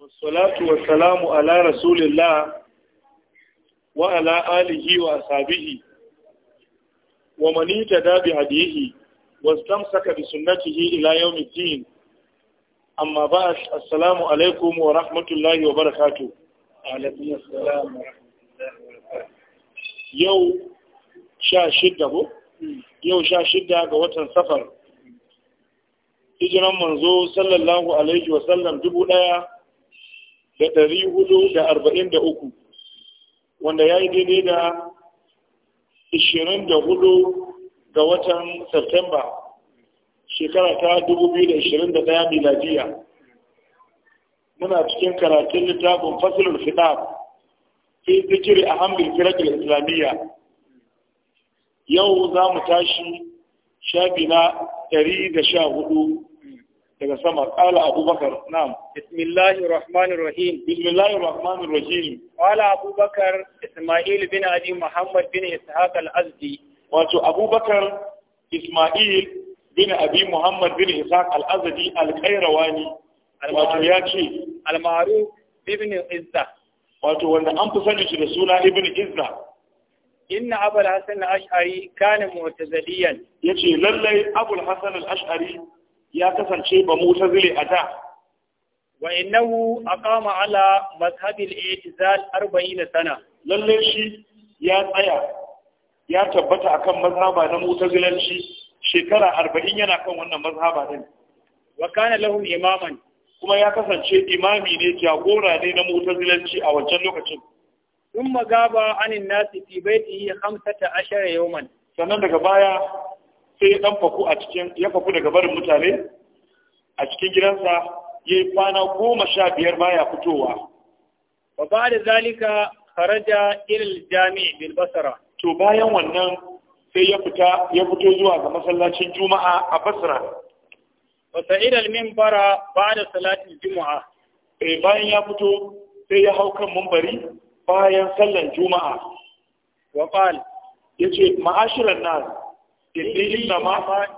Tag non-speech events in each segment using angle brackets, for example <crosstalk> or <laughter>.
Wàsàlátù wàsàlámù alá Rasulillá wa alá alihi wa sàbihi, wa manita dábi hadihi, wa stamsaka bi sunnatihi ila yaumi tin, amma ba a salamu alaikum wa rahmatullahi wa barakatu. Yau sha shidda ga watan safar hijiran manzo sallallahu alaihi wa sallam dubu ɗaya da dari hudu da arba'in da uku wanda ya yi daidai da ishirin da hudu ga watan Septemba shekara ta dubu biyu da ishirin da ɗaya miladiya muna cikin karatun littafin fasilin fitab fi zikiri a hamdul firakul islamiyya yau za mu tashi shafi na ɗari da sha hudu كذا سمر قال أبو بكر نعم بسم الله الرحمن الرحيم بسم الله الرحمن الرحيم قال أبو بكر إسماعيل بن أبي محمد بن إسحاق الأزدي وأنت أبو بكر إسماعيل بن أبي محمد بن إسحاق الأزدي الخيرواني وأنت ياتي المعروف بابن إزة وأنت وأنت أنفسني رسول ابن إزة إن أبو الحسن الأشعري كان معتزليا يجي للي أبو الحسن الأشعري ya kasance ba zile a da wa innahu aqama ala mazhabil i'tizal 40 sana lalle shi ya tsaya ya tabbata akan mazhaba na mutazilanci shekara 40 yana kan wannan mazhaba din wa kana lahum imaman kuma ya kasance imami ne jagora ne na mutazilanci a wancan lokacin ثم غاب عن hamsata a بيته 15 man. sannan daga baya sai ya dan faku a cikin ya faku daga barin mutane a cikin gidansa ya yi kwana goma sha biyar baya fitowa Ba ba da zalika kharaja ilal jami' bil to bayan wannan sai ya fita ya fito zuwa ga masallacin juma'a a basra wa sa'ida al minbara da salatin juma'a eh bayan ya fito sai ya hau kan mumbari bayan sallan juma'a wa qal yace ma'ashiran nas inni inna ma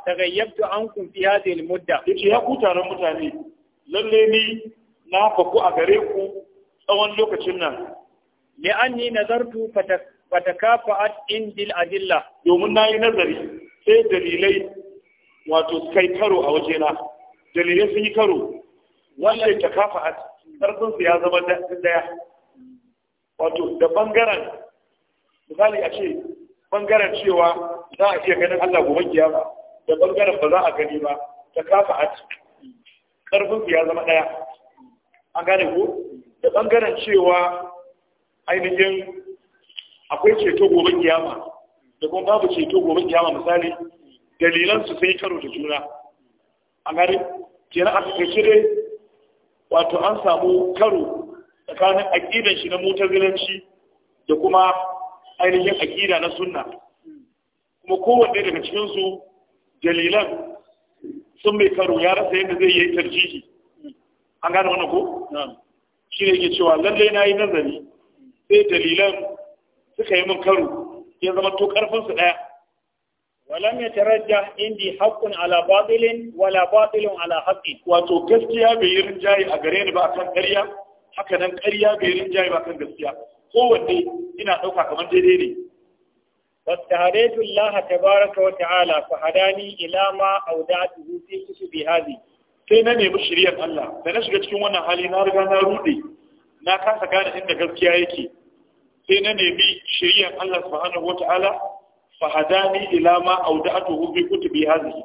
tagayyabtu ankum fi hadhihi al-mudda yace ya ku taron mutane lalle ni na faku a gare ku tsawon lokacin nan li anni nazartu fatakafa'at indil adilla domin nayi nazari sai dalilai wato kai karo a wajena dalilai sun yi karo wanda takafa'at karfin su ya zama daya wato da bangaren misali a ce bangaren cewa za a iya ganin Allah gobe kiyama da bangaren ba za a gani ba ta kafa a karfin ya zama daya an gane ko da bangaren cewa ainihin akwai ceto gobe kiyama da kuma babu ceto gobe kiyama misali dalilan su sai karo da juna an gane kenan a cikin dai wato an samu karo tsakanin aqidan shi na mutazilanci da kuma ainihin aƙida na sunna kuma kowanne daga cikinsu dalilan sun mai karo ya rasa yadda zai yi tarjihi an gane wani ko shi ne ke cewa lallai na yi nazari sai dalilan suka yi min karo ya zama to karfinsu ɗaya walam ya tarajja indi haqqun ala batilin wala batilun ala haqqi wato gaskiya bai yi rinjaye a gare ni ba akan ƙarya haka nan ƙarya bai yi rinjaye ba akan gaskiya kowanne ina ɗauka kamar daidai ne واستهديت الله تبارك وتعالى فهداني إلى ما أودعته في كتبي هذه sai na nemi shiryar Allah da na shiga cikin wannan hali na riga na rude na kasa gane inda gaskiya yake sai na nemi shiriyan Allah subhanahu wata'ala fa hadani ila ma auda'atuhu fi kutubi hazihi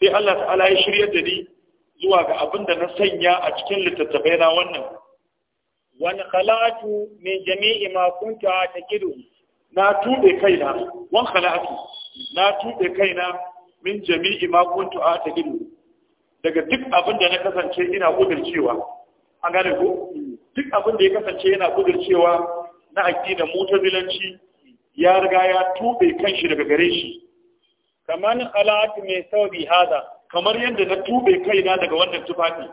sai Allah ta'ala ya shiryar da ni zuwa ga abin da na sanya a cikin littattafai na wannan wani khalatu min jami'i ma kuntu a taqidu na tube kaina wan khalatu na tube kaina min jami'i ma kuntu a taqidu daga duk abin da na kasance ina cewa. A gane ko duk abin da ya kasance yana cewa na motar bilanci, ya riga ya tube kanshi daga gare shi kamar khalatu mai sawabi hada kamar yadda na tube kaina daga wannan tufafi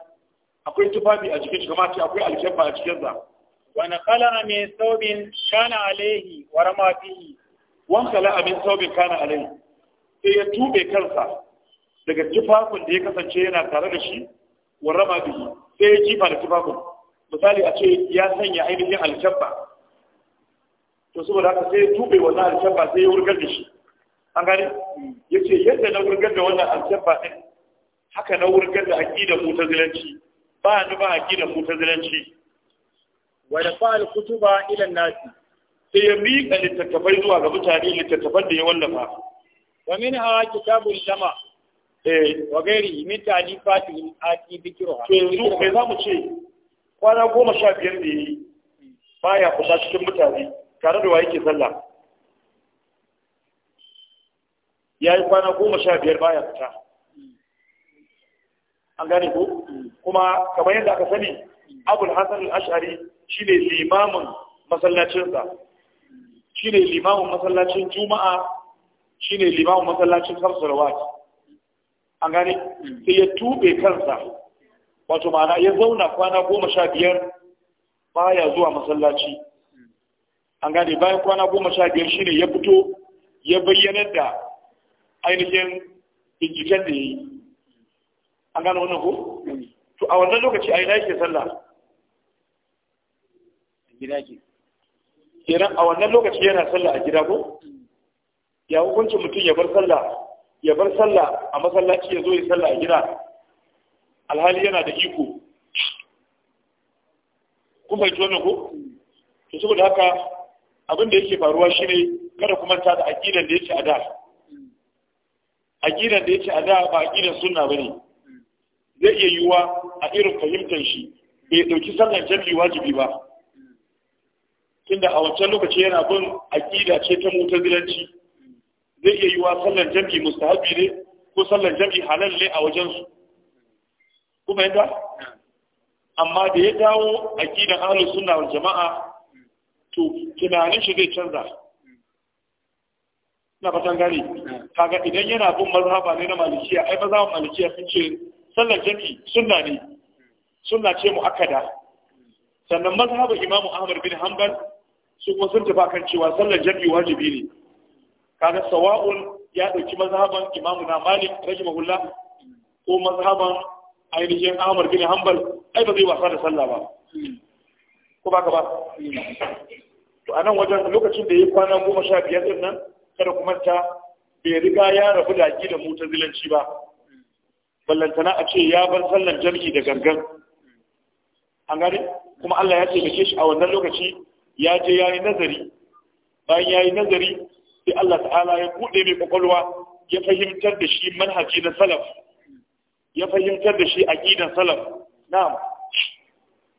akwai tufafi a jikin shi kuma ce akwai alkyabba a cikin sa wa naqala min thawbin kana alaihi wa rama fihi wa naqala min thawbin kana alaihi sai ya tube kansa daga tufafin da ya kasance yana tare da shi wa rama fihi sai ya jifa da tufafin misali a ce ya sanya ainihin alkyabba to saboda haka sai ya tube wannan alkyabba sai ya wurgar da shi an gane hmm. yace yadda na wurgar da wannan alkyabba din haka na wurgar da ta zilanci ba ni ba aqida mutazilanci wa dafa al-kutuba ila an-nasi sai ya miƙa littattafai zuwa ga mutane littattafan da ya wallafa wa minha kitabul jama eh wa gairi min ta'lifatil ati dhikruha to yanzu me za mu ce kwana goma sha biyar da yi baya kusa cikin mutane tare da wa yake sallah ya yi kwana goma sha biyar baya fita an gane ko mm. kuma kamar yadda aka sani abul hasan al-ash'ari shine limamin masallacinsa shine limamin masallacin juma'a shine limamin masallacin kamsu an gane sai ya tube kansa wato ma'ana ya zauna kwana goma sha biyar baya zuwa masallaci an gane bayan kwana goma sha biyar shine ya fito ya bayyanar da ainihin binciken da ya yi an gane wannan ko to a wannan lokaci a ina yake sallah gida ke kenan a wannan lokaci yana sallah a gida ko ya hukunci mutum ya bar sallah ya bar sallah a masallaci ya zo ya sallah a gida alhali yana da iko kun fahimci wannan ko to saboda haka abin da yake faruwa shine kada kuma ta da aqidan da yake a da aqidan da yake a da ba aqidan sunna bane zai iya yiwuwa a irin fahimtar shi bai ɗauki sallar jami'i wajibi ba tunda a wancan lokaci yana bin aƙida ce ta mutazilanci zai iya yi wa sallar jami'i mustahabi ne ko sallar jami'i halal ne a wajensu kuma yadda amma da ya dawo aƙidan ahlus sunna wal jama'a to tunanin shi zai canza na fatan gane kaga idan yana bin mazhaba ne na malikiya ai mazhaban malikiya sun ce sallar jami'i sunna ne sunna ce mu akada sannan mazhabu imam ahmad bin hanbal su kuma sun tafi kan cewa sallar jami'i wajibi ne kaga sawa'un ya dauki mazhaban imam na malik rahimahullah ko mazhaban ainihin ahmad bin hanbal ai ba zai wasa da sallah ba ko ba ka ba to anan wajen lokacin da ya kwana goma sha biyar din nan kada kuma ta bai riga ya rabu da aqidar mutazilanci ba ballantana a ce ya bar sallar jam'i da gangan an gane kuma Allah ya taimake shi a wannan lokaci ya je ya yi nazari bayan ya yi nazari sai Allah ta'ala ya buɗe mai kwakwalwa ya fahimtar da shi manhaji na salaf ya fahimtar da shi aqidan salaf na'am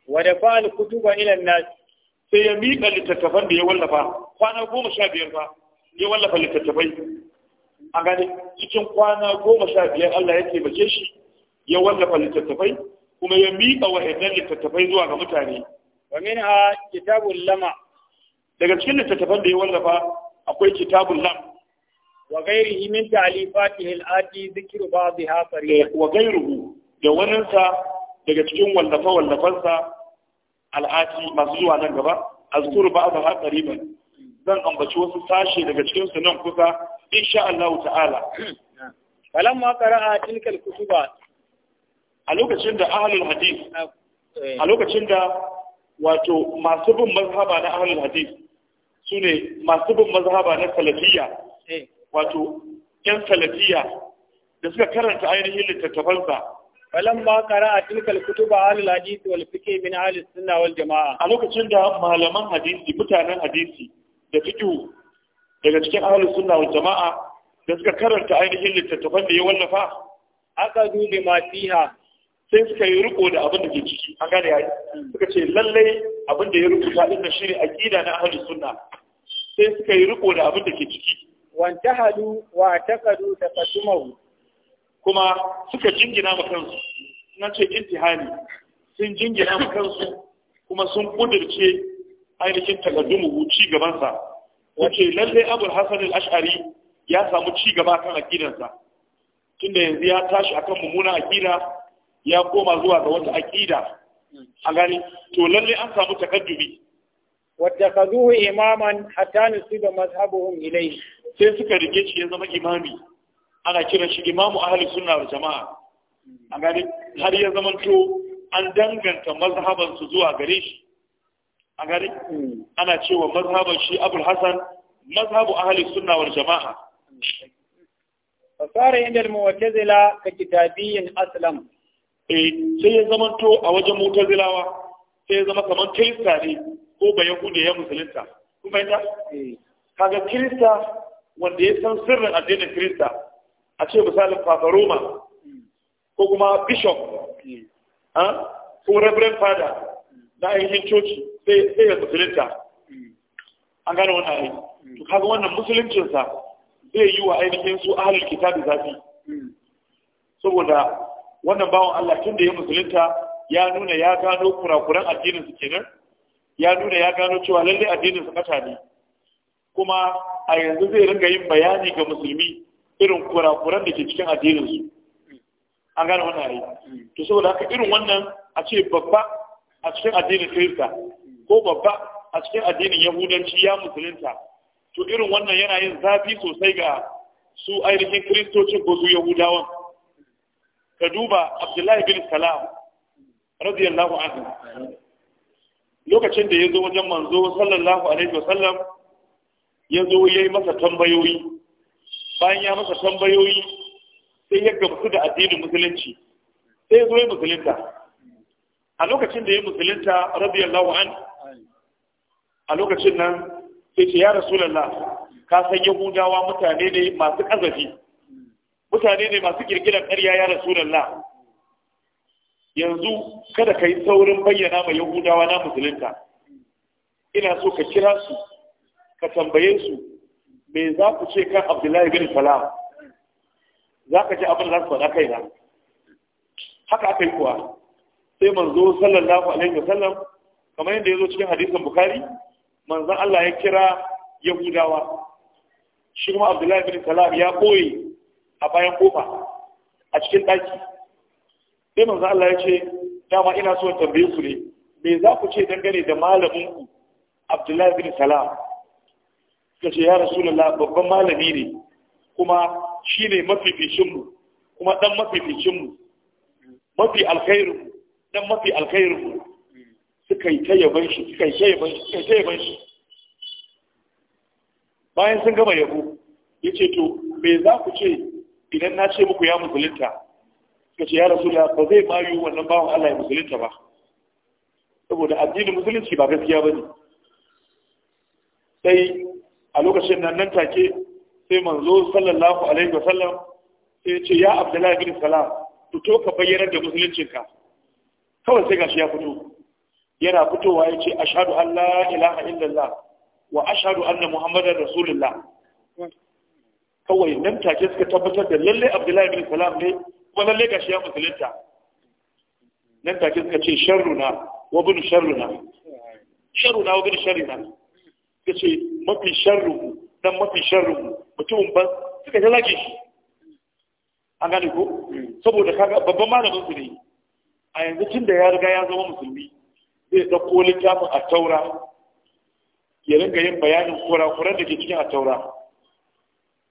wa da fa'al kutuba ila nas sai ya miƙa littattafan da ya wallafa kwana goma sha biyar ba ya wallafa littattafai a gane cikin kwana goma sha biyar Allah ya taimake shi ya wallafa littattafai kuma ya miƙa wa'annan littattafai zuwa ga mutane wa ha, kitabul lama daga cikin littattafan da ya wallafa akwai kitabul lam wa ghairihi min ta'lifatihi al-ati dhikru ba'dha fariq eh, wa ghairuhu da waninsa daga cikin wallafe wallafansa al'ati masu zuwa nan gaba azkuru ba'dha qariban zan ambaci wasu sashe daga cikin su nan kusa insha Allah ta'ala falamma a tilkal kutuba a lokacin da ahlul hadith a lokacin da wato masu bin mazhaba na ahlul hadith sune masu bin mazhaba na salafiyya eh. wato yan salafiyya da suka karanta ainihin littattafansa falamma a tilkal kutuba ahlul hadith wal fiqh min ahlus sunna wal jamaa a lokacin da malaman hadisi mutanen hadisi da fiqh daga cikin ahli sunna wal jama'a da suka karanta ainihin littattafan da ya wallafa aqadu ma fiha sai suka yi riko da abin da ke ciki an gane yayi suka ce lalle abin da ya rubuta din ne aqida na ahli sunna sai suka yi riko da abin da ke ciki tahalu wa taqadu taqaddumu kuma suka jingina ma kansu na ce intihali sun jingina ma kansu kuma sun kudirce ainihin taqaddumu ci gaban sa wace lalle abu Hassan al-ash'ari ya samu ci gaba kan tun tunda yanzu ya tashi akan mummuna akida ya koma zuwa ga wata akida a gani to lalle an samu takaddumi a إماما su da مذهبهم ilai sai suka rike shi ya zama imami ana kiran shi imamu ahli sunna da jama'a a gani har ya zama to an danganta mazhabansu zuwa gare shi a gari ana cewa mazhaban shi abul hasan mazhabu ahli sunna wal jama'a fasara inda mu'tazila ka kitabiyin aslam eh sai ya zama to a wajen mu'tazilawa sai ya zama kamar kirista ne ko ba yahude ya musulunta kun fahimta eh. kaga kirista wanda ya san sirrin addinin kirista a ce misalin papa roma ko kuma bishop eh. ah, ko reverend father na ainihin coci sai ya musulunta an gane wani ayi. Mm. to kaga wannan musuluncinsa zai yi wa ainihin su ahalul kitabi zafi mm. saboda wannan bawan Allah tun da ya musulunta ya nuna ya gano kurakuran addinin su kenan ya nuna ya gano cewa lalle addinin su kata ne kuma a yanzu zai ringa yin bayani ga musulmi irin kurakuran da ke cikin addinin su mm. an gane wannan ayi to saboda haka irin wannan a ce babba a cikin addinin kirista ko babba a cikin addinin yahudanci ya musulunta to irin wannan yana yin zafi sosai ga su ainihin kiristocin ko su yahudawan ka duba abdullahi bin salam radiyallahu anhu lokacin da ya zo wajen manzo sallallahu alaihi wasallam ya zo ya yi masa tambayoyi bayan ya masa tambayoyi sai ya gamsu da addinin musulunci sai ya zo ya musulunta a lokacin da ya musulunta radiyallahu anhu a lokacin nan sai ce ya rasulallah ka san yahudawa mutane ne masu kazafi mutane ne masu kirkirar ƙarya ya rasulallah yanzu kada ka yi saurin bayyana ma yahudawa na musulunta ina so ka kira su ka tambaye su me za ku ce kan abdullahi bin salam za ka ji abin da za su faɗa kaina haka aka yi kuwa sai manzo sallallahu alaihi wasallam kamar yadda ya zo cikin hadisin bukari manzon Allah ya kira yahudawa shi kuma abdullahi bin salam ya ɓoye a bayan kofa a cikin ɗaki sai manzan Allah ya ce dama ina so tambaye ku ne me za ku ce dangane da malamin ku abdullahi bin salam suka ce ya rasulullah babban malami ne kuma shi ne mafificinmu, kuma ɗan mafificinmu mafi alkhairu dan mafi alkhairu sukan yi ta yaban shi sukan ta yaban shi sukan ta yaban shi bayan sun gama yabo ya ce to me za ku ce idan na ce muku ya musulunta suka ce ya rasu da ba zai bayu wannan bawan Allah ya musulunta ba saboda addinin musulunci ba gaskiya ba ne sai a lokacin nan nan take sai manzo sallallahu alaihi wasallam sai ce ya abdullahi bin salam to ka bayyana da musuluncinka kawai sai gashi ya fito yana fitowa ya ce ashadu an la ilaha illallah wa ashadu anna muhammadar rasulullah kawai nan take suka tabbatar da lalle abdullahi bin salam ne kuma lalle shi ya musulunta nan take suka ce sharruna wa bin sharruna sharruna wa bin sharruna suka ce mafi sharru dan mafi sharru mutumin ban suka ta lage shi an gane ko hmm. saboda kaga babban malamin su ne a yanzu tun da ya riga ya zama musulmi zai ɗauko littafin a taura ya rinka yin bayanin kurakuran da ke cikin a taura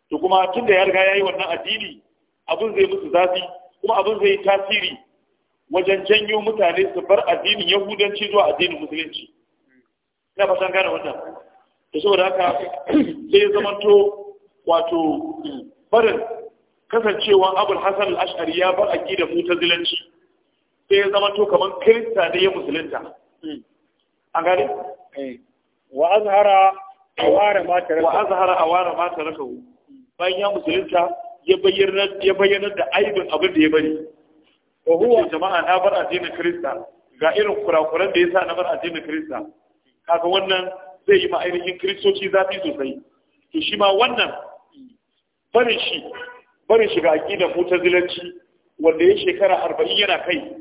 to kuma tun da ya riga ya yi wannan addini abin zai musu zafi kuma abin zai yi tasiri wajen janyo mutane su bar addinin yahudanci zuwa addinin musulunci ina san gane wannan da saboda haka <clears throat> sai ya to wato barin kasancewa abul hasan al-ash'ari ya bar aqida mutazilanci sai ya to kaman kirista ne ya musulunta an eh. wa azhara awara ma taraka wa azhara awara ma bayan ya musulunta ya bayyana da aibin abin da ya bari wa huwa jama'a na bar addinin Kirista, ga irin kurakuran da yasa na bar addinin Kirista. kaga wannan zai yi ma ainihin kiristoci zafi sosai to shi ma wannan barin shi barin shiga zilanci, mutazilanci wanda ya shekara arba'in yana kai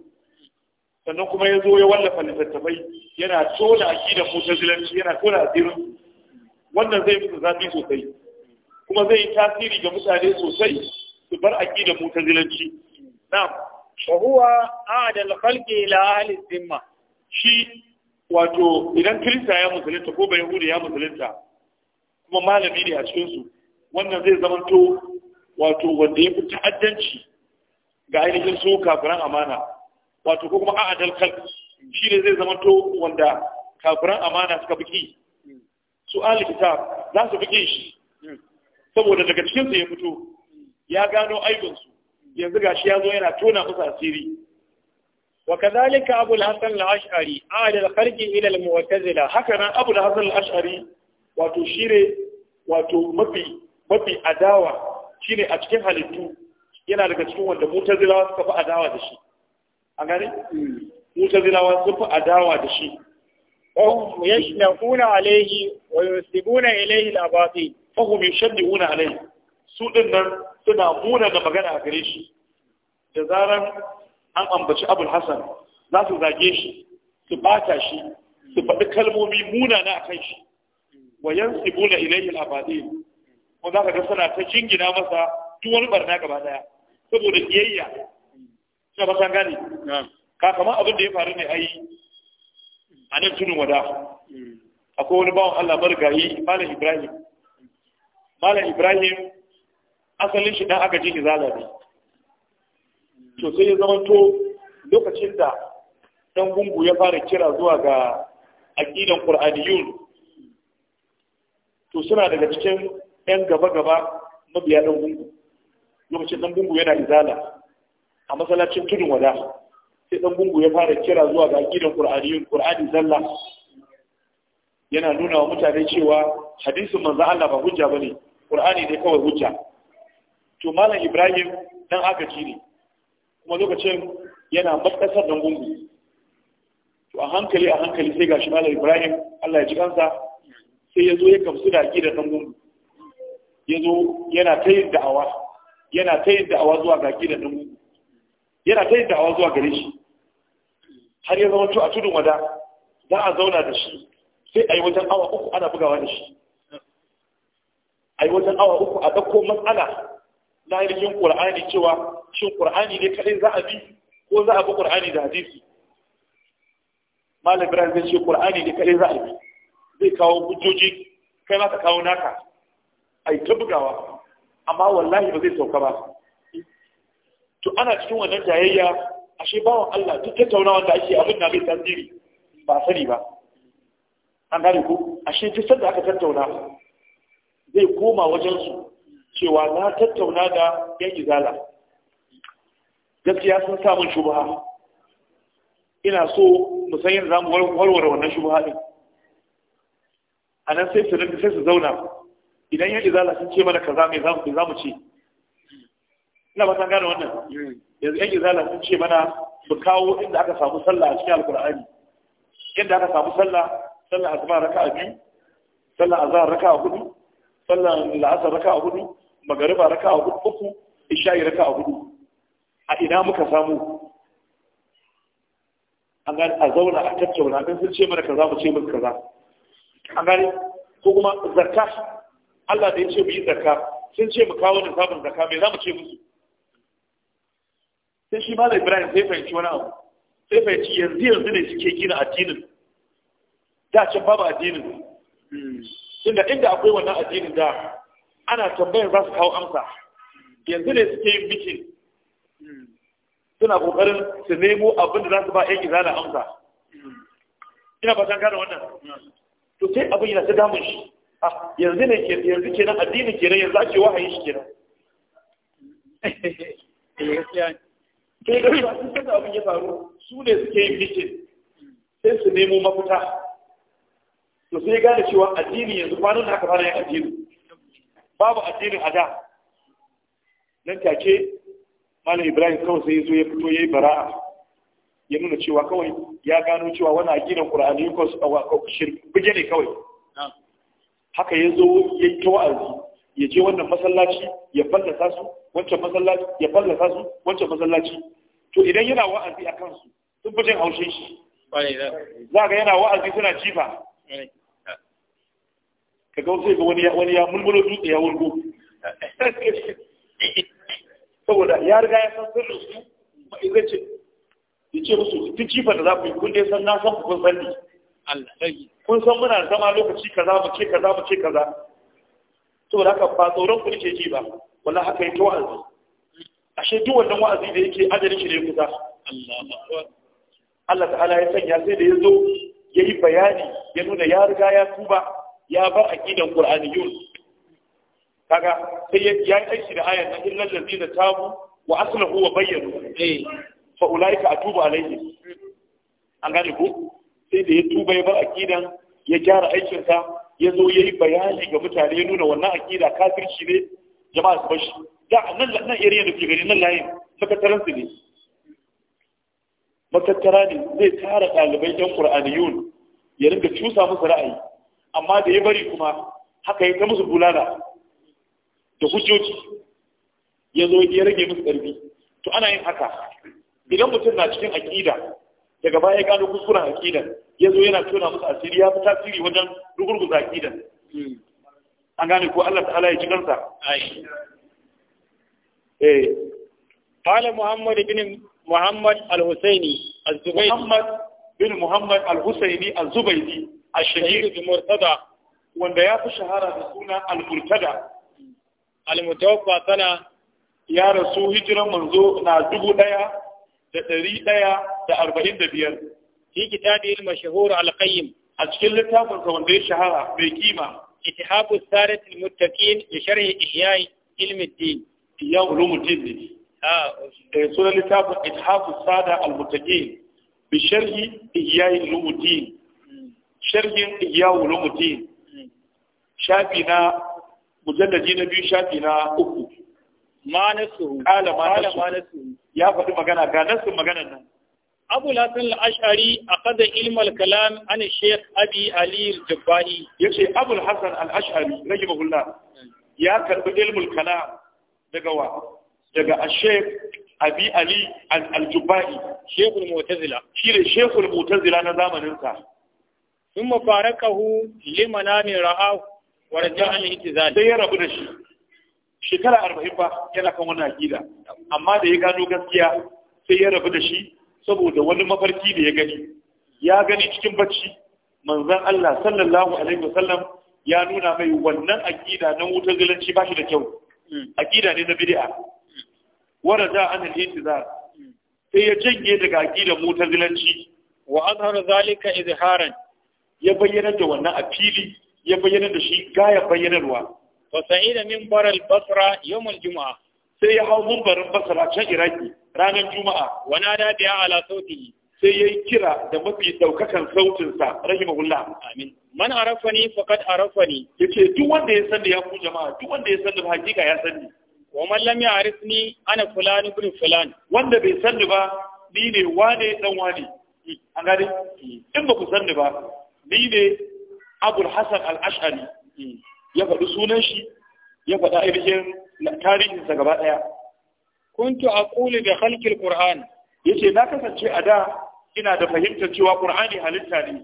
sannan kuma ya zo ya wallafa littattafai yana tona motar mutazilanci yana tona asirin wannan zai musu zafi sosai kuma zai yi tasiri ga mutane sosai su bar aƙidar mutazilanci na'am fa huwa adal khalqi ila ahli zimma shi wato idan kirista ya musulunta ko bai hudu ya musulunta kuma malami ne a cikinsu, su wannan zai zamanto wato wanda ya fi ta'addanci ga ainihin su kafiran amana wato ko kuma a'adal dalkal shi ne zai zama to wanda kafiran amana suka biki su ahli kitab za su biki shi saboda daga cikin ya fito ya gano aibin su yanzu gashi ya zo yana tona musu asiri Wa abu al-mu'tazila haka nan abu al-hasan al-ash'ari wato shire wato mafi mafi adawa shine a cikin halittu, yana daga cikin wanda mutazila suka fi adawa da shi a gari? Yi kabilawa sun fi adawa da shi. Ohun ya shi na kuna alaihi, wani su guna alaihi labari, ohun mai shaddi guna alaihi, su ɗin nan suna muna da magana a gare shi, da zarar an ambaci abul Hassan za su zage shi, su bata shi, su faɗi kalmomi muna na kan shi, wa yan su guna alaihi labari, kuma za suna ta jingina masa duwar barna gaba ɗaya. saboda ƙiyayya ina ba san gane ka kamar abin da ya faru ne ai a nan tunin wada hmm. akwai wani bawan Allah marigayi malam Ibrahim malam Ibrahim asalin shi dan aka izala ne to sai ya zamanto lokacin da dan gungu ya fara kira zuwa ga aqidan qur'aniyun to suna daga cikin yan gaba gaba mabiya dan gungu lokacin dan gungu yana izala a masallacin tudun wada sai dan gungu ya fara kira zuwa ga gidan qur'ani qur'ani zalla yana nuna wa mutane cewa hadisin manzo Allah ba hujja bane qur'ani ne kawai hujja to malam ibrahim dan ci ne kuma lokacin yana matsasar dan gungu to a hankali a hankali sai gashi malam ibrahim Allah ya ji kansa sai ya zo ya kamsu da gidan dan gungu ya zo yana ta yin da'awa yana ta yin da'awa zuwa ga gidan dan gungu yana ta yi dawa zuwa gare shi har ya zama a tudun wada za a zauna da shi sai a yi wajen awa uku ana bugawa da shi a yi wajen awa uku a ɗauko matsala na ainihin ƙur'ani cewa shin ƙur'ani ne kaɗai za a bi ko za a bi ƙur'ani da hadisi malam ibrahim zai ce ƙur'ani ne kaɗai za a bi zai kawo hujjoji kai ma ka kawo naka a yi ta bugawa amma wallahi ba zai sauka ba to ana cikin wannan jayayya ashe bawan Allah duk tattauna wanda ake abin na mai tasiri ba sani ba an gane ko ashe duk sanda aka tattauna zai koma wajen su cewa na tattauna da yan izala gaskiya sun samu shubha ina so mu san yadda zamu warware wannan shubha din anan sai su rinka sai su zauna idan yan izala sun ce mana kaza me zamu ce ina ba san gane wannan yanzu yan izala sun ce mana su kawo inda aka samu sallah a cikin alkur'ani inda aka samu sallah sallah azuma a biyu sallah azhar a hudu sallah la'asar a hudu magariba a hudu uku isha'i a hudu a ina muka samu an gani a zauna a tattauna kan sun ce mana kaza mu ce muka kaza an gani ko kuma zakka Allah da ya ce mu yi zakka sun ce mu kawo nisabin zakka me za mu ce musu sai shi malam ibrahim sai fahimci wani abu sai fahimci yanzu yanzu ne suke gina addinin da can babu addinin tunda inda akwai wannan addinin da ana tambayar za su kawo amsa yanzu ne suke yin bikin suna kokarin su nemo abin da za su ba yan izala amsa ina ba san gane wannan to sai abin yana ta damun shi ah, yanzu ne yanzu kenan addinin kenan yanzu ake wahayin shi kenan <laughs> eh, ke da su sun kasa abin ya faru su ne suke yin mitin sai su nemo mafita to sai gane cewa addini yanzu kwanan da aka fara yin addini babu addinin a da nan take malam ibrahim kawai sai zo ya fito ya yi bara'a ya nuna cewa kawai ya gano cewa wani aƙidan ƙur'ani yin shirkuge ne kawai haka ya zo ya yi ta wa'azi ya je wannan masallaci ya fallasa su wancan masallaci ya fallasa su wancan masallaci to idan yana wa'azi a kansu sun fi jin haushe shi za ga yana wa'azi suna jifa ka ga sai ga wani ya wani ya mulmulo dutse ya wurgo saboda ya riga ya san sirrin su ba ce ya ce musu tun jifa da za ku yi kun dai san na san ku kun san ni kun san muna zama lokaci kaza mu ce kaza mu ce kaza saboda haka ba tsoron ku nake ji ba Wala haka yake wa'azi ashe duk wannan wa'azi da yake ajalin shi ne kusa Allah ta'ala ya sanya sai da ya zo ya yi bayani ya nuna ya riga ya tuba ya bar aqidan qur'aniyun kaga sai ya yi aiki da ayan nan illal ladina tabu wa aslahu wa bayyanu eh fa ulaika atubu alayhi an gane ko sai da ya tuba ya bar aqidan ya gyara aikinsa ya zo ya yi bayani ga mutane ya nuna wannan aqida kafirci ne jama'a su bashi da nan nan area da kuke gani nan layin matattaran su ne ne zai tara ɗalibai ɗan qur'aniyun ya rinka cusa musu ra'ayi amma da ya bari kuma haka ya ta musu bulala da hujjoji ya zo ya rage musu ƙarfi to ana yin haka idan mutum na cikin aƙida daga baya ya gano kuskuren aƙidan ya zo yana tona musu asiri ya fi tasiri wajen rugurguza aƙidan hmm. an gane ko Allah ta'ala ya ci kansa eh qala muhammad ibn muhammad al-husaini az-zubaydi muhammad bin muhammad al-husaini az-zubaydi ash-shahir bi murtada wanda ya fi shahara da suna al-murtada al-mutawaffa sana ya rasu hijiran manzo na dubu daya da ɗari ɗaya da arba'in da biyar. Fi kitabi mashahur al-qayyim a cikin littafin sa wanda ya shahara mai kima اتحاب السادة المتقين بشرح إحياء علم الدين إحياء علوم الدين ne sunan littafin ithafu sada al-muttaqin bi sharhi ihya ulumuddin sharhin ihya ulumuddin shafi na mujallaji na biyu shafi uku ma ya faɗi magana ga nasu maganar nan abu latin al'ashari a kada ilmal kalam an sheikh abi ali jabbani ya ce abu hassan al'ashari rage mahulla ya karbi ilmul kalam daga wa daga sheikh abi ali al-jubbani shekul mutazila shi ne shekul mutazila na zamanin zamaninsa sun mafarakahu limana ne ra'ahu wa raja'an itizali sai ya rabu da shi shekara arba'in ba yana kan wani akida amma da ya gano gaskiya sai ya rabu da shi saboda wani mafarki da ya gani ya gani cikin bacci manzon Allah sallallahu alaihi wasallam ya nuna mai wannan aqida na mutazilanci ba shi da kyau aqida ne na bid'a warada an al-i'tizar sai ya janye daga wutar mutazilanci wa azhara zalika izharan ya bayyana da wannan a fili ya bayyana da shi gaya bayyanarwa fa sa'ida min baral basra yawm al sai ya hau mumbarin basra can iraki ranar juma'a wani ya biya ala sautihi sai ya yi kira da mafi ɗaukakan sautinsa rahimahullah amin man arafani faqad arafani ce duk wanda ya san da ya ku jama'a duk wanda ya san da hakika ya san ni. wa man lam ya'rifni ana fulan ibn fulan wanda bai san ni ba ni ne wane dan wane an gane in ba ku ni ba ni ne abul hasan al-ash'ari hmm. ya faɗi sunan shi ya faɗa ainihin tarihinsa gaba ɗaya kuntu aqulu da khalqil Ya yace na kasance a da ina da fahimtar cewa Kur'ani halitta ne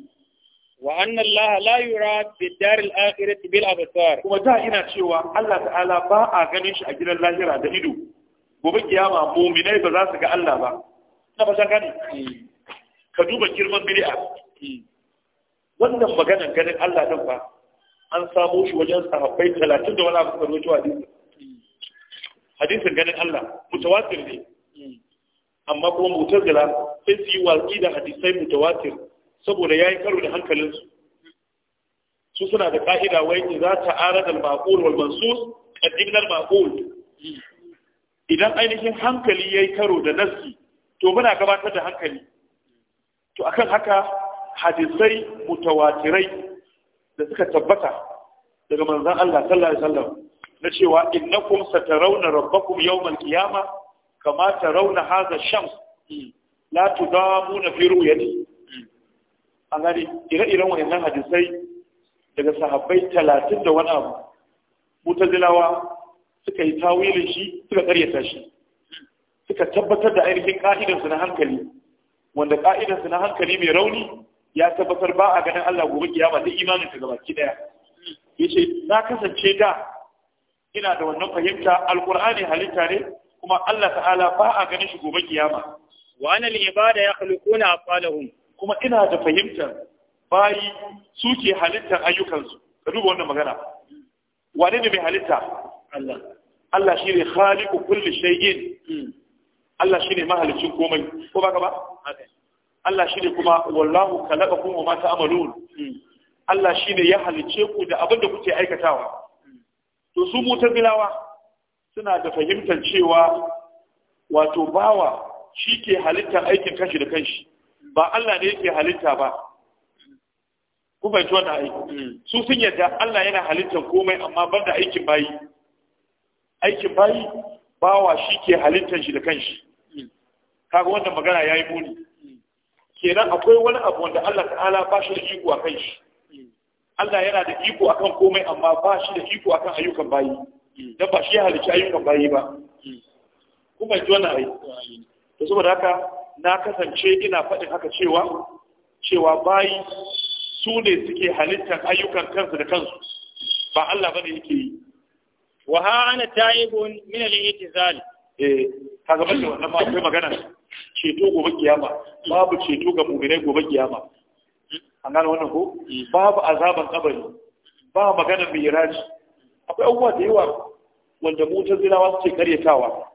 wa anna allah la yura bi dar al bil absar kuma da ina cewa allah ta'ala ba a ganin shi a gidan lahira da ido gobe kiyama mu'minai ba za su ga allah ba na fasan gani hmm. ka duba girman bid'a hmm. wannan maganar ganin allah din ba an samo shi wajen sahabbai talatin da wani abu da rojo hadisin hadisin ganin Allah mutawatir ne amma kuma mutazila sai su yi watsi da hadisai mutawatir saboda ya yi karo da hankalinsu su suna da ka'ida wai in za ta arada al-maqul wal mansus qaddimna al-maqul idan ainihin hankali yayi karo da nassi to muna gabatar da hankali to akan haka hadisai mutawatirai da suka tabbata daga manzan Allah sallallahu alaihi wasallam na cewa innakum satarawna rabbakum yawmal qiyama kama tarawna hadha shams la tudamuna fi ru'yati an gani ire-iren wayannan hadisai daga sahabbai talatin da wani abu mutazilawa suka yi tawilin shi suka karyata shi suka tabbatar da ainihin ka'idansu na hankali wanda ka'idansu na hankali mai rauni ya tabbatar ba a ganin Allah gobe kiyama duk imanin ka gabaki daya yace na kasance da ina da wannan fahimta alqur'ani halitta ne kuma Allah ta'ala ba a ganin shi gobe kiyama wa ana al-ibada yakhluquna afalahum kuma ina da fahimtar bayi suke halittar ayyukansu ka duba wannan magana wane ne mai halitta Allah Allah shine khaliqu kulli shay'in hmm. Allah shine mahalicin komai ko baka ba Allah shi ne kuma wallahu khalaqakum kuma ma ta amalu Allah shi ne ya halice ku da abin da kuke aikatawa to su mutazilawa suna da fahimtar cewa wato bawa shi ke halittar aikin kanshi da kanshi ba Allah ne yake halitta ba ku bai tuwa aiki su sun yadda Allah yana halittar komai amma ban da aikin bayi aikin bayi bawa shi ke halittar shi da kanshi kaga wannan magana ya yi muni kenan akwai wani abu wanda Allah ta'ala ba shi da iko a kai shi Allah yana da iko akan komai amma ba shi da iko akan ayyukan bayi dan ba shi ya halici ayyukan bayi ba kuma ji wannan ai to saboda haka na kasance ina faɗin haka cewa cewa bayi su ne suke halittar ayyukan kansu da kansu ba Allah bane yake yi wa ha ana ta'ibun min al-i'tizal eh kaga bace wannan ma akwai magana ceto gobe kiyama babu ceto ga mu'minai gobe kiyama an gane wannan ko babu azaban kabari ba magana mai raji akwai abubuwa da yawa wanda motar zinawa suke karyatawa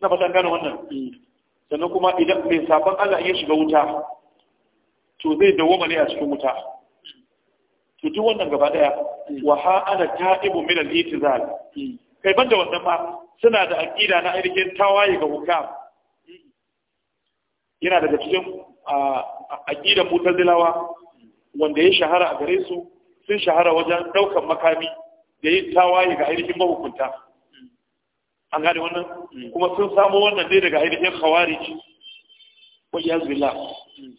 na fatan gane wannan sannan kuma idan mai sabon Allah ya shiga wuta to zai dawoma ne a cikin wuta to duk wannan gaba daya wa ha ana ta'ibu min al-itizal kai banda wannan ma suna da aqida na ainihin tawaye ga hukama yana daga cikin mutar dilawa wanda ya shahara a gare su sun shahara wajen ɗaukar makami da yin tawaye ga ainihin mahukunta an gane wannan hmm. kuma sun samo wannan ne daga ainihin khawarij wa iyaz billah hmm.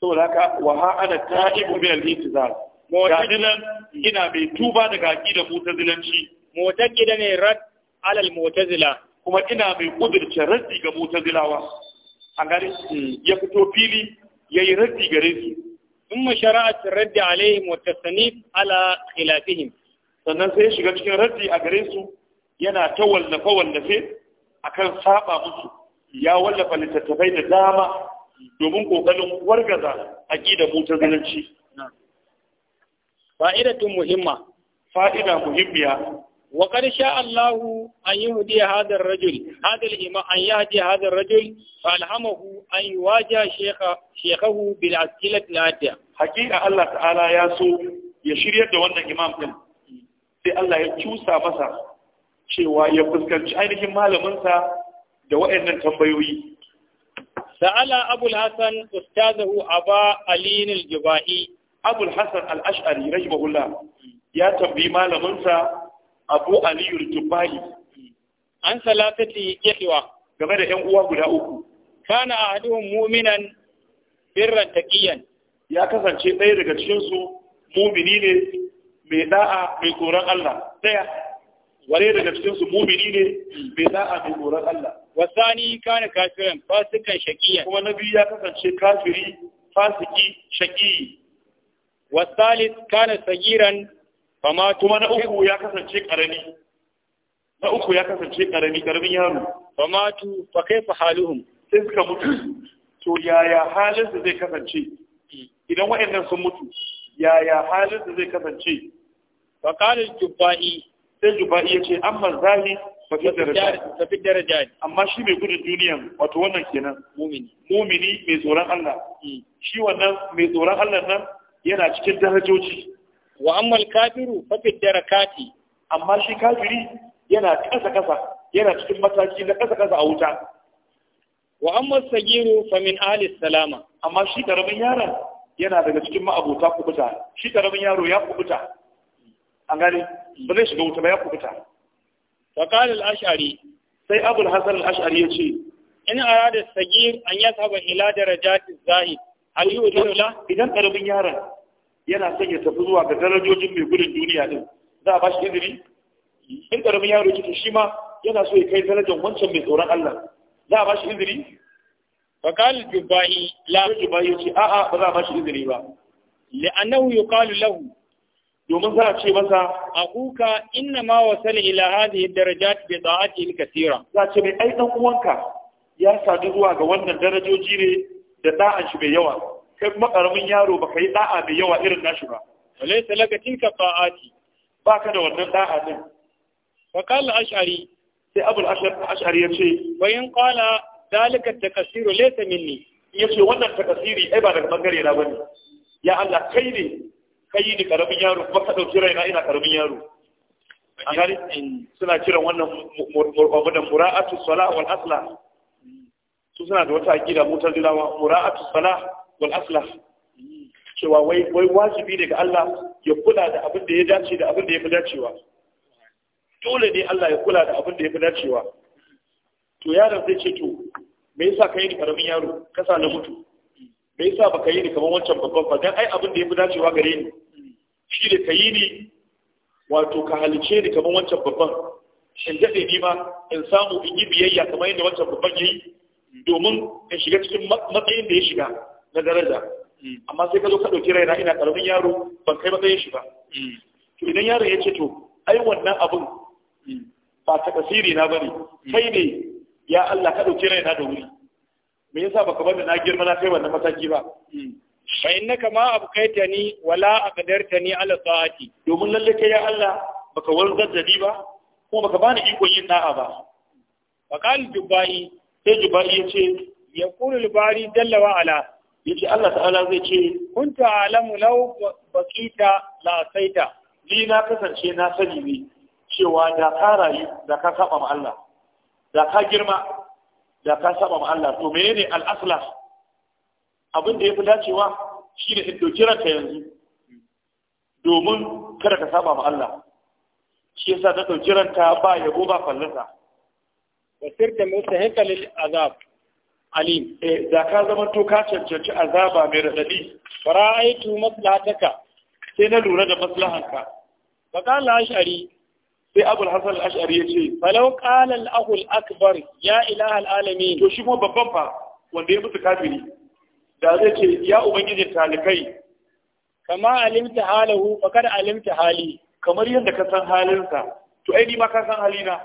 saboda haka wa ha ana ta'ibu min al-i'tizal mu'tazilan ina mai hmm. tuba daga aqidar mutazilanci mu'tazila ne rad alal mu'tazila kuma ina mai kudurce raddi ga mutazilawa Eh, ya fito fili ya yi raddi gare su ثم raddi الرد wata sani ala khilafihim sannan sai ya shiga cikin raddi a gare su yana ta wallafe a kan saba musu ya wallafa littattafai da dama domin kokarin wargaza aqida Fa'ida fa'idatun muhimma fa'ida muhimmiya وقد شاء الله أن يهدي هذا الرجل هذا الإمام أن يهدي هذا الرجل فألهمه أن يواجه شيخ شيخه بالأسئلة الآتية حقيقة الله تعالى ياسو يشير يد وانا إمام sai Allah ya cusa masa cewa ya fuskanci ainihin malaminsa da waɗannan tambayoyi sa'ala abul hasan ustazahu aba ali al-jubai abul hasan al-ash'ari rahimahullah ya tambayi malaminsa abu aliyu tufahi an salatati yahiwa game da yan uwa guda uku kana ahaduhum mu'minan birran taqiyan ya kasance ɗaya daga cikin su mu'mini ne mai da'a mai tsoron Allah daya ware daga cikin su mu'mini ne mai da'a mai tsoron Allah wasani kana kafiran fasikan shaqiyan kuma nabi ya kasance kafiri fasiki shaqi wasalis kana sagiran amma kuma na uku ya kasance karami na uku ya kasance karami karamin yaro fa matu fa kaifa haluhum sai suka mutu to yaya halin su zai kasance idan waɗannan sun mutu yaya halin su zai kasance fa qala jubai sai jubai yace amma zahi fa fi daraja fa fi daraja amma shi mai gudun duniya. wato wannan kenan mumini mumini mai tsoron Allah mm. shi wannan mai tsoron Allah nan yana cikin darajoji wa amma kafiru fa fi darakati amma shi kafiri yana kasa kasa yana cikin mataki na kasa kasa a wuta wa amma sagiru fa min ali salama amma shi karamin yaron yana daga cikin ma'abota kubuta shi karamin yaro ya kubuta an gane ba zai shiga wuta ba ya kubuta fa qala al-ash'ari sai abul hasan al-ash'ari yace in arada sagir an yasaba ila darajati zahid hal yudiru la idan karamin yaron yana son ya tafi zuwa ga darajojin mai gudun duniya din za a ba shi izini in ƙaramin yaro ki shi ma yana so ya kai darajar wancan mai tsoron Allah za a ba shi izini فقال الجبائي لا الجبائي يقول آآ بذا ماشي إذني با لأنه يقال له domin za a ce masa a kuka inna ma wasala ila hadhihi darajat bi ta'ati kathira za ce mai ai dan uwanka ya sadu zuwa ga wannan darajoji ne da da'an shi mai yawa kai kuma karamin yaro ba ka yi da'a mai yawa irin nashi ba walaysa laka tilka Ba ka da wannan da'a din fa qala ash'ari sai abul ash'ari ya ce bayan qala dalika takasiru laysa minni ce wannan ta kasiri ai ba daga bangare na bane ya Allah kai ne kai ni karamin yaro kuma ka dauki raina ina karamin yaro suna kiran wannan murabada mura'atu salah wal asla su suna da wata aqida mutazilawa mura'atu salah wal aslah cewa wai wai wajibi daga Allah ya kula da abin da ya dace da abin da ya fi dacewa dole ne Allah ya kula da abin da ya fi dacewa to yaron zai ce to me yasa ka yi ni karamin yaro ka sa na mutu me yasa ka yi ni kamar wancan babban ba dan ai abin da ya fi dacewa gare ni shi da ka yi ni wato ka halice ni kamar wancan babban in daɗe ni ma in samu in yi biyayya kamar yadda wancan babban ya yi domin in shiga cikin matsayin da ya shiga na daraja hmm. amma sai ka zo ka ɗauki raina ina ƙaramin yaro ban kai matsayin shi ba hmm. to idan yaron ya ce to ai wannan abun hmm. ba ta kasiri na bane kai ne ya Allah ka ɗauki raina da wuri me yasa baka da na girma na kai wannan mataki ba fa innaka ma abqaitani wala aqdartani ala ta'ati domin lalle kai ya Allah baka warzar da ni ba kuma baka bani iko yin da'a ba fa qal jubai sai jubai yace yaqulu al-bari jalla wa ala yace Allah ta'ala zai ce kunta alamu law baqita la saita ni na kasance na sani ne cewa da ka rayu da ka saba ma Allah da ka girma da ka saba ma Allah to menene al-aslah abin da yafi dacewa shine in doki ranka yanzu domin kada ka saba ma Allah shi yasa ta dauki ranka ba yabo ba fallasa wasirta musa hekal azab alim e da ka zama to ka cancanci azaba mai radadi fara'aitu maslahataka sai na lura da maslahanka fa qala ash'ari sai abul hasan al-ash'ari yace falau qala al-akhu al-akbar ya ilaha al-alamin to shi kuma babban fa wanda ya mutu kafiri da zai ce ya ubangiji talikai kama alimta halahu fa kada alimta hali kamar yadda ka san halinsa to ai ni ma ka san halina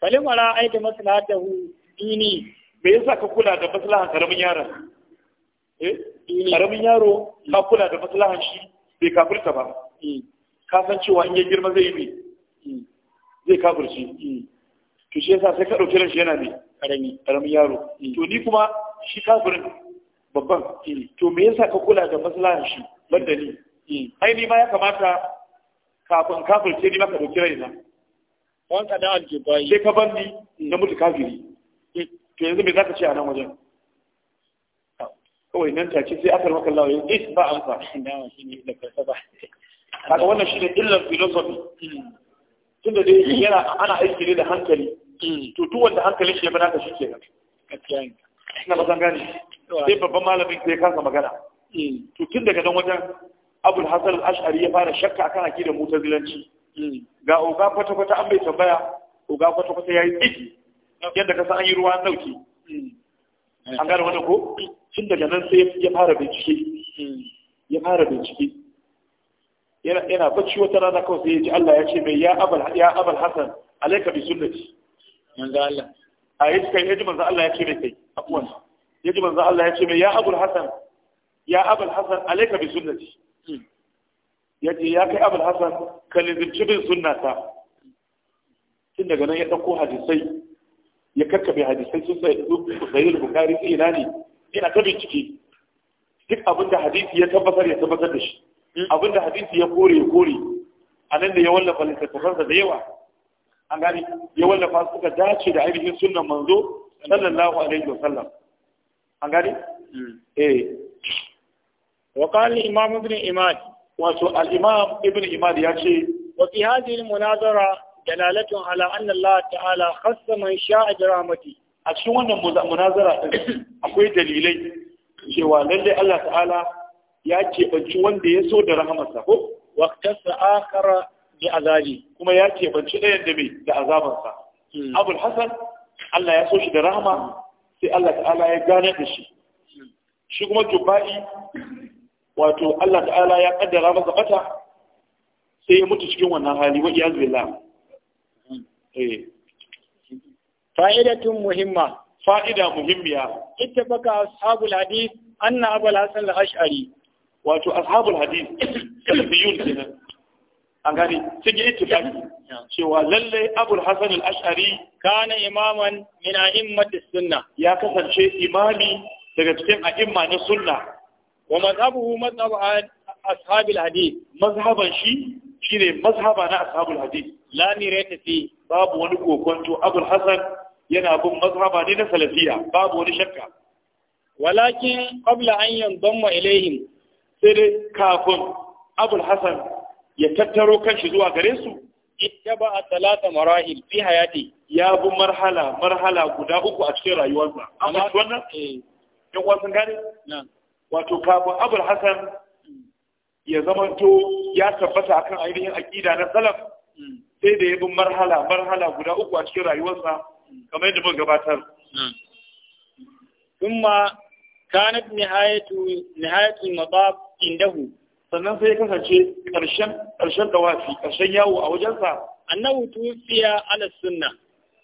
falimara aita maslahatahu dini me yasa ka kula da maslahan karamin yaron eh karamin yaro ka kula da maslahan shi bai kafirta ba hmm. ka san cewa in ya girma zai yi hmm. zai kafirci hmm. to shi yasa sai ka dauke ran shi yana ne karami karamin yaro to ni kuma shi kafirin babban to me yasa ka kula da maslahan shi banda ni ai ni ma ya kamata kafin kafirce ni ma ka dauki raina wanka da aljibai sai ka bandi na mutu kafiri to yanzu me za ka ce a nan wajen kawai nan ta ce sai aka maka lawa yanzu is ba amsa <laughs> dama shi ne da falsafa wannan shi ne illar philosophy tunda dai yana ana aiki ne da hankali to wanda hankali shi ya bada ka shi ke gaskiya ina ba san sai babban malamin sai kasa magana mm. to tun daga nan wajen abul hasan al-ash'ari ya fara shakka akan akidar mutazilanci mm. ga oga kwata-kwata an bai tambaya oga kwata-kwata yi tsiki yadda ka san an yi ruwa nauki an gane wani ko tun daga nan sai ya fara bincike ya fara bincike yana bacci wata rana kawai sai ya ji Allah ya ce mai ya abal ya abal hasan alayka bi sunnati manzo Allah a yi kai yaji manzo Allah ya ce mai kai akwai yaji manzo Allah ya ce mai ya abul hasan ya abul hasan alayka bi sunnati yaji ya kai abul hasan ka lizimci bin sunnata tun daga nan ya ɗauko hadisai ya karkabe hadisai sun sai sahih al-bukhari sai ina ne ina ta bincike duk abinda hadisi ya tabbatar ya tabbatar da shi abinda hadisi ya kore ya kore a nan da ya wallafa littattafansa da yawa an gani ya wallafa suka dace da ainihin sunan manzo sallallahu alaihi wasallam an gani hmm. eh wa qala imam ibn imad wato al-imam ibn imad ya ce wa fi hadhihi al-munazara dalalatun ala anna Allah ta'ala khassa man sha'a bi rahmati a cikin wannan munazara din akwai dalilai cewa lalle Allah ta'ala ya ce banci wanda ya so da rahamarsa ko waqtasa akhara bi azabi kuma ya ce banci ɗayan da mai da azabansa hmm. abul hasan Allah ya so shi da rahama sai Allah ta'ala ya gane da shi hmm. shi kuma jubba'i wato Allah ta'ala ya kaddara masa bata sai ya mutu cikin wannan hali wa iyaz billah Eh. fa'idatun muhimma fa'ida muhimmiya Ita baka ashabul hadith anna abul hasan al-ash'ari wato ashabul hadith salafiyun nan? an gani sun yi ittifaqi cewa lalle abul hasan al-ash'ari kana imaman min da sunna ya kasance imami daga cikin a'imma na sunna wa mazhabuhu mazhab ashabil hadith mazhaban shi shine mazhaba na ashabul hadith la ni rayta babu wani kokonto abul hasan yana bin mazhaba ne na salafiya babu wani shakka walakin qabla an yandamma ilayhim sai dai kafin abul hasan ya tattaro kanshi zuwa gare su ittaba talata marahil fi hayati ya bi marhala marhala guda uku a cikin rayuwarsa amma wannan eh yan wasan wato kafin abul hasan ya zamanto ya tabbata akan ainihin aƙida na salaf hmm. sai da ya bi marhala marhala guda uku a cikin rayuwarsa hmm. kamar yadda mun gabatar kuma hmm. kanat nihayatu nihayatu madab indahu sannan sai ya kasance karshen karshen dawafi karshen yawo a wajensa annahu tusiya ala sunna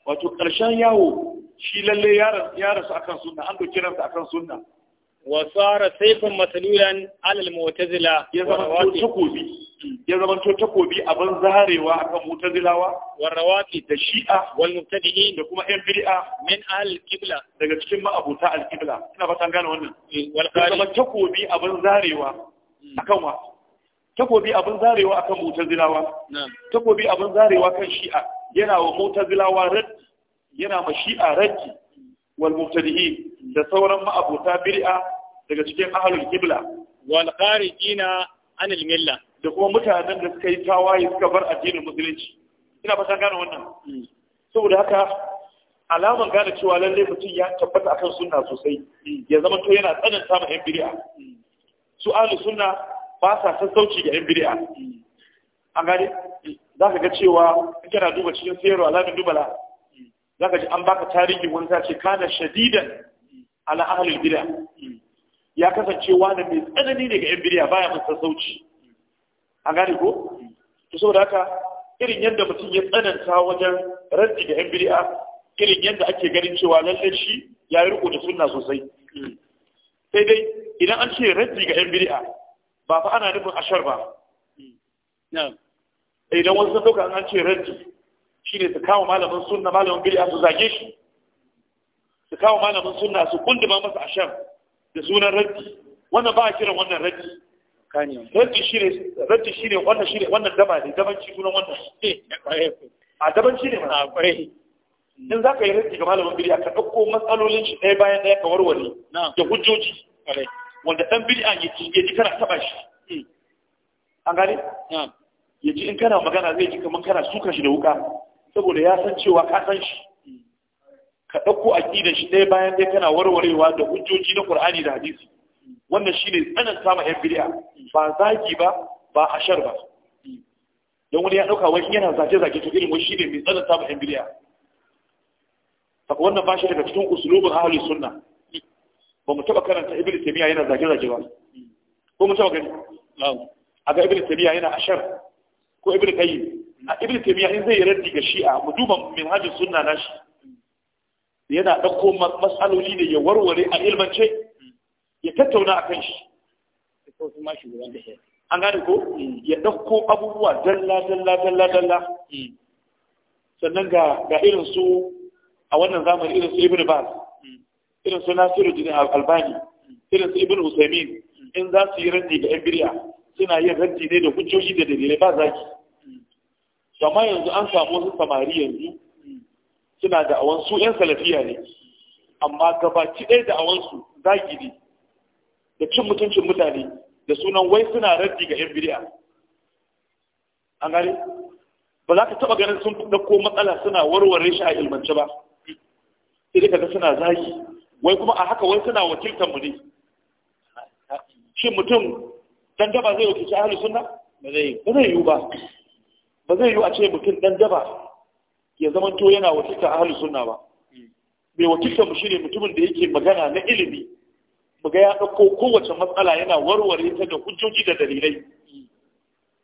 wato karshen yawo shi lalle ya rasu akan sunna an doki ransa akan sunna وصار sara saifan على alal يا ya تو takobi يا زمان تو تكوبي abin zaharewa akan mutazilawa warrawati da shi'a da kuma al qibla daga cikin ina ba gane wannan wal qari takobi abin zarewa akan wa takobi abin zarewa akan mutazilawa takobi abin zarewa kan shi'a yana wa mutazilawa rad yana ma shi'a raddi والمبتدئين da sauran ma'abota bid'a daga cikin ahlul qibla wal kharijina anil milla da kuma mutanen da suka yi tawaye suka bar addinin musulunci ina fata gane wannan hmm. saboda haka alaman gane cewa lallai mutum ya tabbata akan sunna sosai ya zama to yana tsananta ma yan bid'a hmm. su ahlus sunna ba sa sassauci ga yan bid'a hmm. an gane za ka ga cewa kana duba cikin sayarwa alamin dubala zaka ji an baka tarihi wani ta ce kana shadidan ala ahlul bid'a ya kasance wani mai tsanani daga yan bid'a baya mun sassauci an gane ko to saboda haka irin yadda mutum ya tsananta wajen raddi da yan bid'a irin yadda ake ganin cewa lalle shi ya yi da sunna sosai sai dai idan an ce raddi ga yan bid'a ba fa ana nufin ashar ba idan wasu sun an ce raddi Shi ne su kawo malamin sunna malamin bid'a su zage shi su kawo malamin sunna su kunduma masa ashar da sunan raddi wannan ba a kiran wannan raddi raddi shi raddi shine wannan ne wannan daba ne dabanci sunan wannan a dabanci ne mana kwarai in za ka yi raddi ga malamin bid'a ka ɗauko matsalolin shi ɗaya bayan ɗaya ka warware da hujjoji wanda ɗan bid'a ya ji kana taɓa shi hmm. an gane ya ji in kana magana zai ji kamar kana suka shi da wuka saboda ya san cewa ka san shi ka ɗauko aƙidar shi ɗaya bayan ɗaya kana warwarewa da hujjoji na Qur'ani da hadisi wannan shine tsananta ma yan bidiya ba zagi ba ba ashar ba don wani ya ɗauka wani yana zage zage to irin wani shine mai tsananta ma yan bidiya saka wannan ba shi daga cikin usulubin ahli sunna ba mu taɓa karanta ibn taymiya yana zage zage ba ko mu taɓa gani a ga ibn taymiya yana ashar ko ibn qayyim a ibn taymiya in zai raddi ga shi'a mu duba minhajus sunna shi. yana dauko matsaloli ne ya warware a ilmance ya tattauna akan shi an gane ko ya dauko abubuwa dalla dalla dalla dalla sannan ga ga irin su a wannan zamani irin su ibn baz irin su nasiru jini albani irin su ibn usaimin in za su yi raddi ga yan biriya suna yin raddi ne da hujjoji da dalilai ba zaki amma yanzu an samu wasu samari yanzu suna da awon su yan salafiya ne amma gabaci ɗaya da awansu su zagiri da cin mutuncin mutane da sunan wai suna raddi ga yan bidiya an gani ba za ka taɓa ganin sun ɗauko matsala suna warware shi a ilmance ba sai dai kaga suna zagi wai kuma a haka wai suna wakiltar mu ne shin mutum dan gaba zai wakilci ahlus sunna ba zai yi ba ba zai yi a ce mutum dan daba ya zamanto yana wakilta halin suna ba mai wakilta mu shine mutumin da yake magana na ilimi mu ga ya ɗauko kowace matsala yana warware ta da hujjoji da dalilai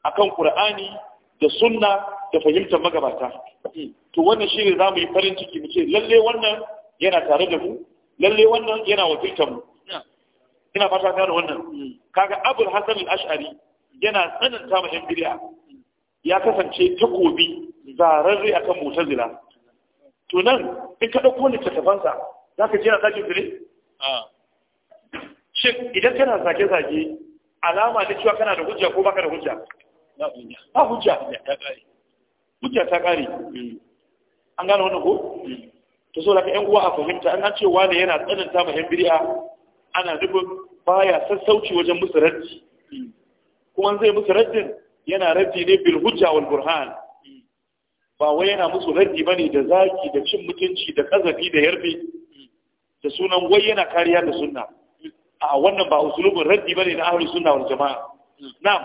akan qur'ani da sunna da fahimtar magabata to wannan shine mu yi farin ciki mu ce lalle wannan yana tare da mu lalle wannan yana wakiltar mu ina fata da wannan kaga abul hasan al-ash'ari yana tsananta ma yan bid'a ya kasance takobi a akan motar to nan in ka dauko littattafansa za ka jira a sake fire ah. shi idan kana zage-zage alama da cewa kana da hujja ko baka da hujja ba hujja hujja ta ƙare? Mm. an gane wannan ko Ta so daga yan uwa a fahimta an ce ne yana tsananta ma yan bid'a ana nufin baya sassauci wajen musu raddi mm. kuma zai musu raddin yana raddi ne bil hujja wal burhan ba wai yana musu raddi bane da zaki da cin mutunci da kazafi da yarbe da sunan wai yana kariya da sunna a wannan ba usulubin raddi bane na ahlus sunna wal jamaa na'am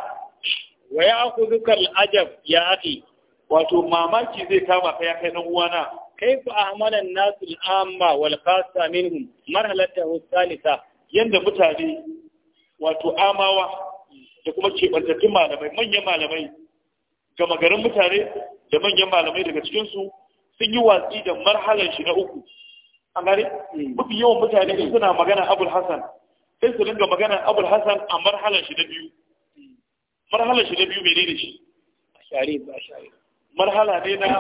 wa ya'khudhu kal ajab ya akhi wato mamaki zai kama kai kai ɗan uwana kaifa ahmala an-nas al-amma wal khassa minhum marhalatu ath-thalitha yanda mutane wato amawa da kuma keɓantattun malamai manyan malamai gama garin mutane da manyan malamai daga cikinsu sun yi watsi da marhalar shi na uku an gane hmm. mafi yawan mutane suna magana abul hasan sai su dinga magana abul hasan a marhalar shi na biyu marhalar shi na biyu mai ne shi marhala ne na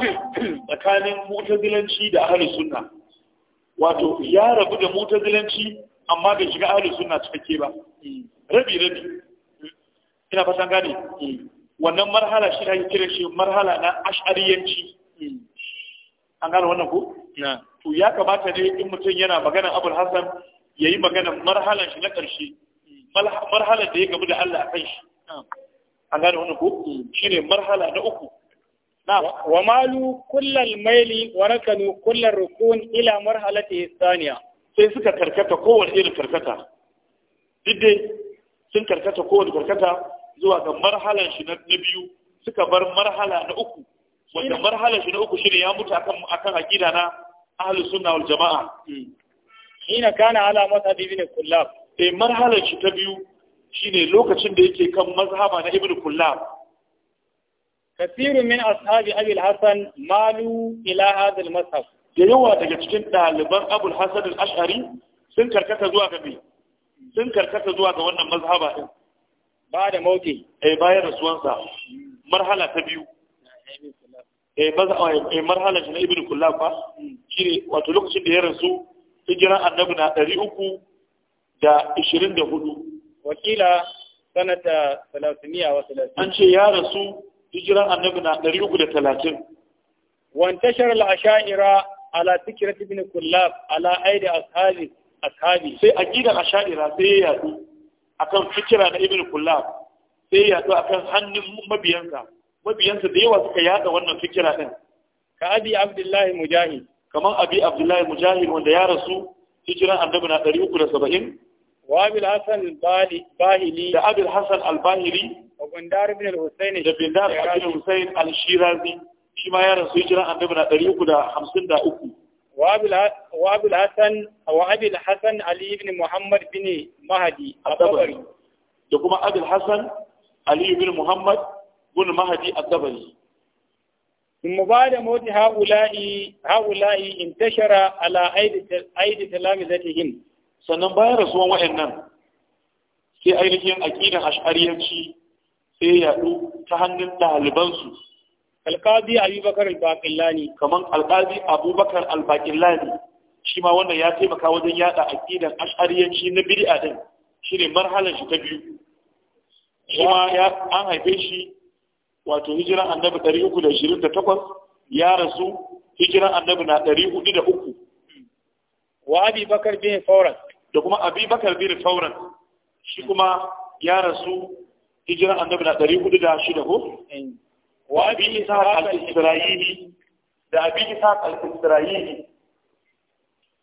tsakanin mutazilanci da ahlus sunna wato ya rabu da mutazilanci amma bai shiga ahlus sunna cikakke ba hmm. rabi rabi ina fatan gane wannan marhala shi ake kira shi marhala na ash'ariyanci an gane wannan ko to ya kamata ne in mutum yana magana abul ya yi magana marhalan shi na ƙarshe. marhalar da ya gabu da Allah a kan shi an gane wannan ku. Shi ne marhala na uku wa malu kullal maili wa rakanu kullal rukun ila marhalati thaniya sai suka karkata kowace irin karkata duk dai sun karkata kowace karkata zuwa ga marhalan shi na biyu suka bar marhala na uku wanda marhala shi na uku shine ya mutu akan akan aqida na ahlus sunna wal jamaa hmm. hina kana ala mazhabi ibn kullab eh marhalan shi ta biyu shine lokacin da yake kan mazhaba na ibn kullab كثير من أصحاب أبي الحسن مالوا إلى هذا المذهب da yawa daga cikin ɗaliban abul hasan al-ash'ari sun karkata zuwa ga sun karkata zuwa ga wannan mazhaba din ba da mauti eh bayan rasuwansa marhala ta biyu eh ba za eh, eh, marhala shi na ibnu kullab ba shine wato lokacin da ya rasu hijiran annabi na 324 wakila sanata 330 an ce ya rasu hijiran annabi na 330 وانتشر الأشاعرة على فكرة ابن كلاب Sai أيدي أصحابه أصحابي سي أكيد الأشاعرة سي يأتي akan fikira na ibn kullab sai ya zo akan hannun mabiyansa mabiyansa da yawa suka yada wannan fikira din ka abi abdullahi mujahid Kamar abi abdullahi mujahid wanda ya rasu hijiran annabi na 370 wa abil hasan bahili da abil hasan al-bahili wa bindar ibn al-husayn da bindar ibn al-husayn al-shirazi shi ma ya rasu hijiran annabi na 353 وابي الحسن وابي الحسن علي بن محمد بن مهدي الطبري da kuma abul hasan ali ibn muhammad bin mahdi al-dabari in mubada moti haula'i haula'i intashara ala aidi aidi talami zatihin sannan bayan rasuwan wayannan sai ainihin aqidan ash'ariyanci sai yadu ta hannun ɗalibansu. alqadi abubakar al-baqillani kaman alqadi abubakar al-baqillani shi ma wannan ya taimaka wajen yada aqidan ash'ariyanci na bid'a din shine marhalar shi ta biyu kuma ya an haife shi wato hijiran annabi 328 ya rasu hijiran annabi na 403 wa abi bakar bin fauran da kuma abi bakar bin fauran shi kuma ya rasu hijiran annabi na 406 wa abi ishaq al-isra'ili da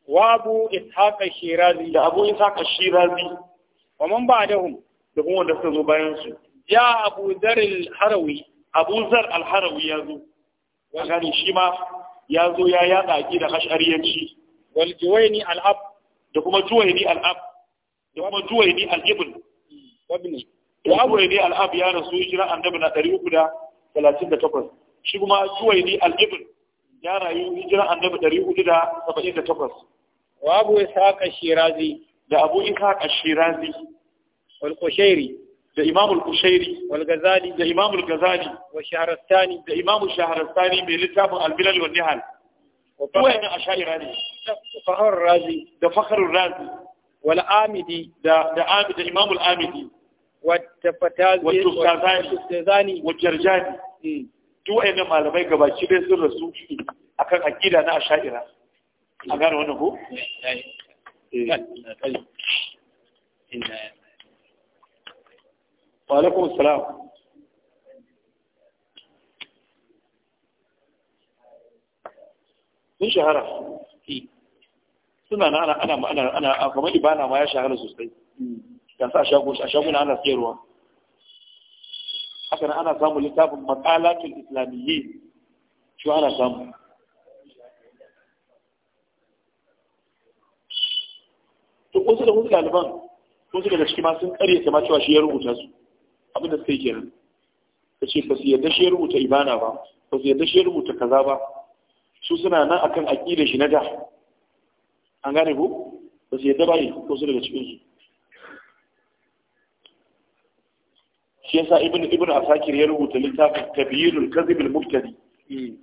wa abu ishaq shirazi da abu ishaq al-shirazi wa man ba'dahum da kuma wanda suka zo bayan ya abu dhar harawi abu zar ya zo wa gani shi ma ya zo ya yada aqida ash'ariyanci wal juwayni al-ab da kuma da kuma ne ya rasu shi annabi na 300 talatin da takwas shi kuma suwaidi al-ibn ya rayu hijira annabi ɗari hudu da saba'in da takwas wa abu ishaqa shirazi da abu ishaqa shirazi wal qushairi da imam al-qushairi wal ghazali da imam al-ghazali wa shaharastani da imam shaharastani mai littafin al-bilal wa nihal wa'ina ashaira ne fakhar razi da fakhar razi wal amidi da da amidi imam al-amidi wa tafatazani wa jarjani duk wayannan malamai gabaki dai sun rasu akan akida na asha'ira a gane wani ko wa alaikum sun shahara suna na ana ana ana kamar ibana ma ya shahara sosai sa a shaguna ana haka nan ana samun littafin makalatul islamiyyi shi ana samu to wasu da wasu ɗaliban wasu da ciki ma sun ƙarya ta ma cewa shi ya rubuta su abinda suka yi kenan ka ce ba su yadda shi ya rubuta ibana ba ba su yadda shi ya rubuta kaza ba su suna nan akan aƙidar shi na da an gane ko ba su yadda ba ne wasu daga su shi yasa ibn ibn asakir ya rubuta littafin kabirul kadhib al mubtadi mm.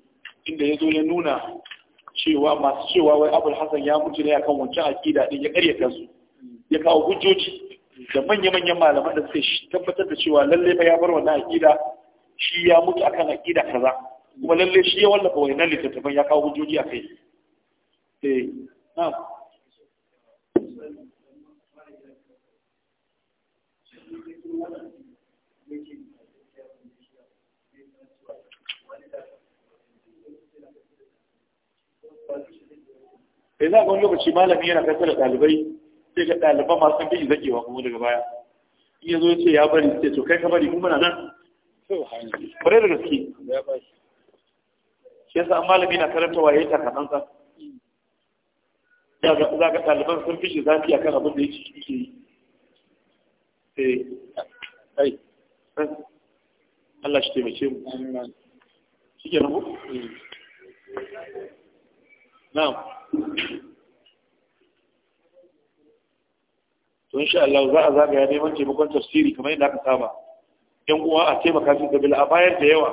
inda yazo ya nuna cewa masu cewa wai abul hasan ya mutu ne akan wancan aqida din ya karyata su mm. ya kawo hujjoji da manya-manyan malaman da suka tabbatar da cewa lalle fa ya bar wannan aqida shi ya mutu akan aqida kaza kuma lalle shi ya wallafa wannan littattafan ya kawo hujjoji akai eh na'am Thank you. sai eh, za ga wani lokaci malami yana kasar da ɗalibai sai ga ɗaliban masu kan bai zagewa kuma daga baya in ya zo ya ce ya bari sai to kai ka bari kuma na nan kwarai da gaske shi yasa malami na karanta waye ta kaɗansa za ga ɗaliban sun fi shi zafi akan abin da ya ci ke yi sai eh. Allah shi taimake mu shi ke nan ku? Mm. na'am to insha Allah za a zagaya neman taimakon tafsiri kamar yadda aka saba yan uwa a taimaka su da bila bayar da yawa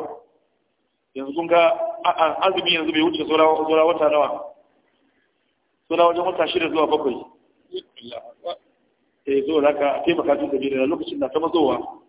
yanzu kun ga azumi yanzu bai wuce saura wata nawa saura wajen wata shida zuwa bakwai eh zo aka taimaka su da bila lokacin na ta mazowa